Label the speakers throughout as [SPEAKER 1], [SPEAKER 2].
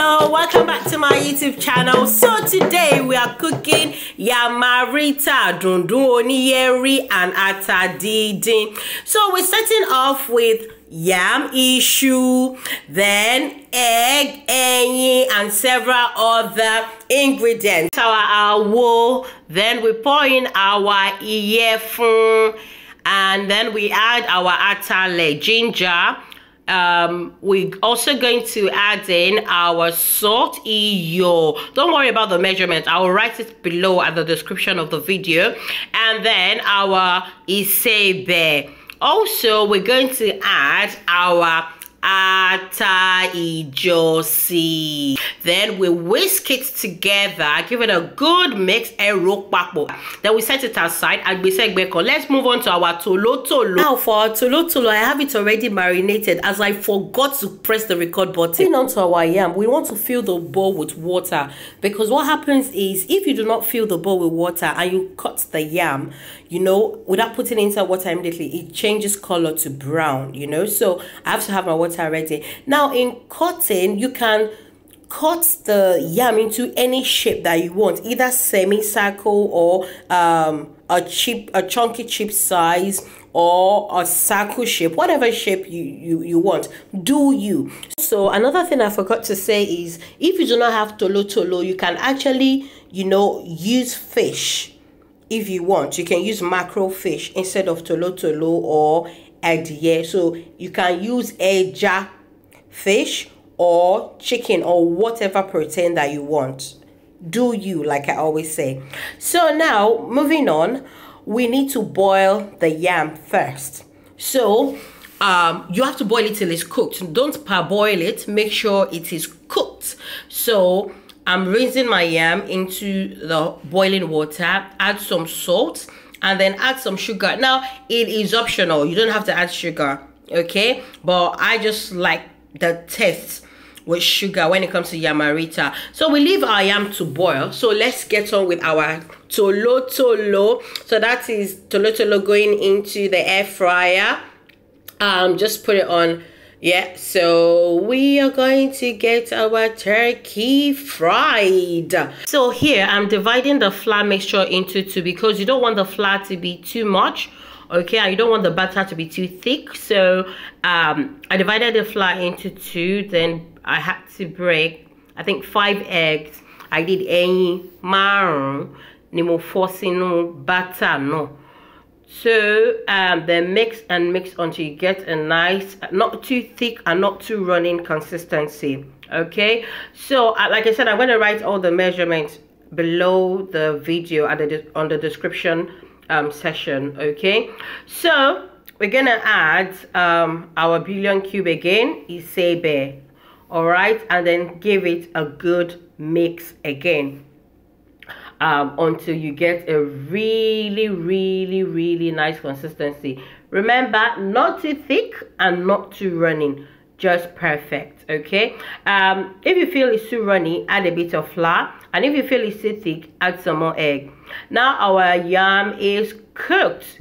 [SPEAKER 1] hello welcome back to my youtube channel so today we are cooking yamarita dundun oniyeri and ata so we're starting off with yam issue then egg any, and several other ingredients our awo then we pour in our iyẹfun and then we add our atale ginger um, we're also going to add in our salt EO. Don't worry about the measurement. I will write it below at the description of the video. And then our isebe. Also, we're going to add our Ata ijosi. Then we whisk it together, give it a good mix, and rock papo. Then we set it aside and we say Let's move on to our tolo tolo. Now for our tolo tolo, I have it already marinated as I forgot to press the record button. Moving on to our yam, we want to fill the bowl with water because what happens is if you do not fill the bowl with water and you cut the yam, you know, without putting inside water immediately, it changes color to brown, you know. So I have to have my water already. Now in cutting, you can cut the yam into any shape that you want, either semicircle or um, a chip, a chunky chip size or a circle shape, whatever shape you, you, you want. Do you? So another thing I forgot to say is if you do not have tolo tolo, you can actually, you know, use fish if you want. You can use mackerel fish instead of tolo tolo or adìẹ so you can use ẹja fish or chicken or whatever protein that you want do you like i always say so now moving on we need to boil the yam first so um, you have to boil it till it's cooked don't parboil it make sure it is cooked so i'm rinsing my yam into the boiling water add some salt and then add some sugar now it is optional you don't have to add sugar okay but i just like the taste with sugar when it comes to yamarita so we leave our yam to boil so let's get on with our tolo tolo so that is tolo tolo going into the air fryer um just put it on yeah, so we are going to get our turkey fried. So here I'm dividing the flour mixture into two because you don't want the flour to be too much okay and you don't want the batter to be too thick so um, i divided the flour into two then i had to break i think five eggs i did any marun ni mo forcing no butter no so um, then mix and mix until you get a nice not too thick and not too running consistency okay so uh, like i said i'm going to write all the measurements below the video at the on the description um, session okay so we're gonna add um, our billion cube again isebe all right and then give it a good mix again um, until you get a really really really nice consistency remember not too thick and not too running just perfect okay um, if you feel it's too runny add a bit of flour and if you feel it's too thick add some more egg now our yam is cooked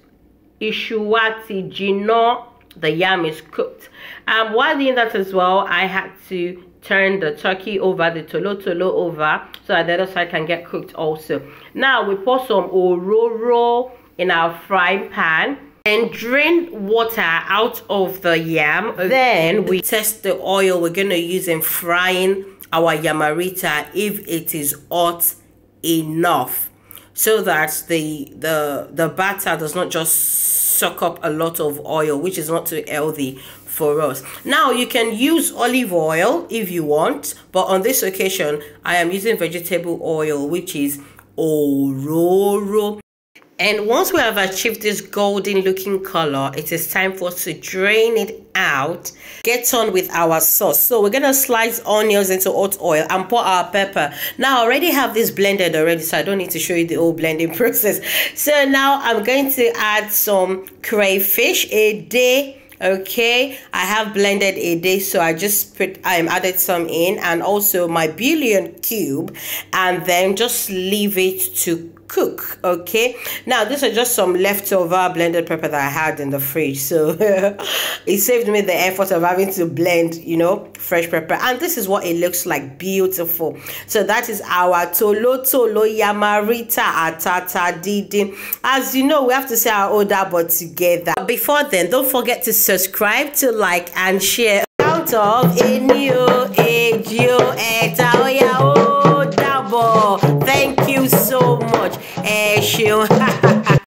[SPEAKER 1] ìṣù wa the yam is cooked um while doing that as well i had to turn the turkey over the tolo tolo over so that the other side can get cooked also now we pour some ororo in our frying pan and drain water out of the yam then we test the oil we're going to use in frying our yamarita if it is hot enough so that the the the batter does not just suck up a lot of oil which is not too healthy for us now you can use olive oil if you want but on this occasion i am using vegetable oil which is ororo and once we have achieved this golden looking color, it is time for us to drain it out. Get on with our sauce. So we're going to slice onions into hot oil and pour our pepper. Now I already have this blended already, so I don't need to show you the whole blending process. So now I'm going to add some crayfish, a day okay i have blended a day so i just put i um, added some in and also my bouillon cube and then just leave it to cook okay now these are just some leftover blended pepper that i had in the fridge so it saved me the effort of having to blend you know fresh pepper and this is what it looks like beautiful so that is our tolo tolo yamarita atata didi as you know we have to say our order but together before then don't forget to subscribe to like and share out of a new age Fashion.